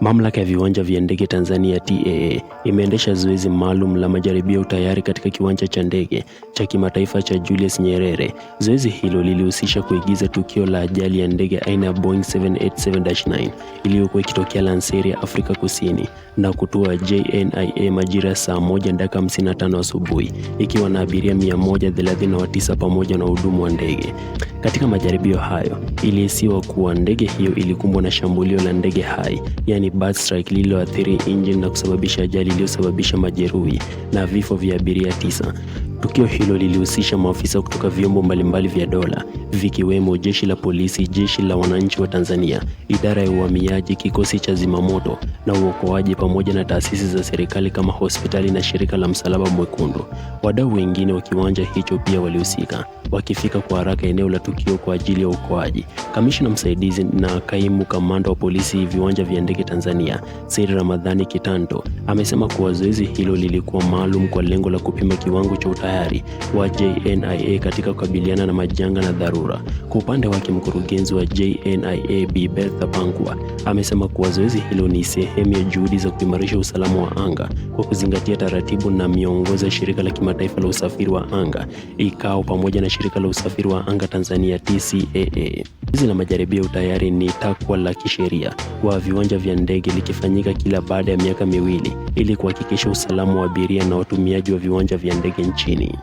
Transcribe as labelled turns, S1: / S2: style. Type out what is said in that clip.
S1: Mamlaka ya Viwanja vya Ndege Tanzania TAA imeendesha zoezi maalum la majaribio ya utayari katika Kiwanja cha Ndege cha Kimataifa cha Julius Nyerere. Zoezi hilo lilihusisha kuigiza tukio la ajali ya ndege aina ya Boeing 787-9 iliyokuwa ikitokea Lanseria, Afrika Kusini na kutua JNIA majira saa moja dakika 55 asubuhi ikiwa na abiria 139 pamoja na wahudumu wa ndege. Katika majaribio hayo, ilihisiwa kuwa ndege hiyo ilikumbwa na shambulio la ndege hai, yaani bird strike, lililoathiri injini na kusababisha ajali iliyosababisha majeruhi na vifo vya abiria tisa. Tukio hilo lilihusisha maafisa kutoka vyombo mbalimbali vya dola vikiwemo jeshi la polisi, jeshi la wananchi wa Tanzania, idara ya uhamiaji, kikosi cha zimamoto na uokoaji, pamoja na taasisi za serikali kama hospitali na shirika la Msalaba Mwekundu. Wadau wengine wa kiwanja hicho pia walihusika, wakifika kwa haraka eneo la tukio kwa ajili ya uokoaji. Kamishna msaidizi na kaimu kamanda wa polisi viwanja vya ndege Tanzania, Said Ramadhani Kitanto, amesema kuwa zoezi hilo lilikuwa maalum kwa lengo la kupima kiwango cha tayari wa JNIA katika kukabiliana na majanga na dharura. Kwa upande wake, mkurugenzi wa JNIA Bi Bertha Bangwa amesema kuwa zoezi hilo ni sehemu ya juhudi za kuimarisha usalama wa anga kwa kuzingatia taratibu na miongozo ya Shirika la Kimataifa la Usafiri wa Anga ICAO pamoja na Shirika la Usafiri wa Anga Tanzania TCAA. Hizi la majaribio tayari ni takwa la kisheria kwa viwanja vya ndege likifanyika kila baada ya miaka miwili ili kuhakikisha usalama wa abiria na watumiaji wa viwanja vya ndege nchini.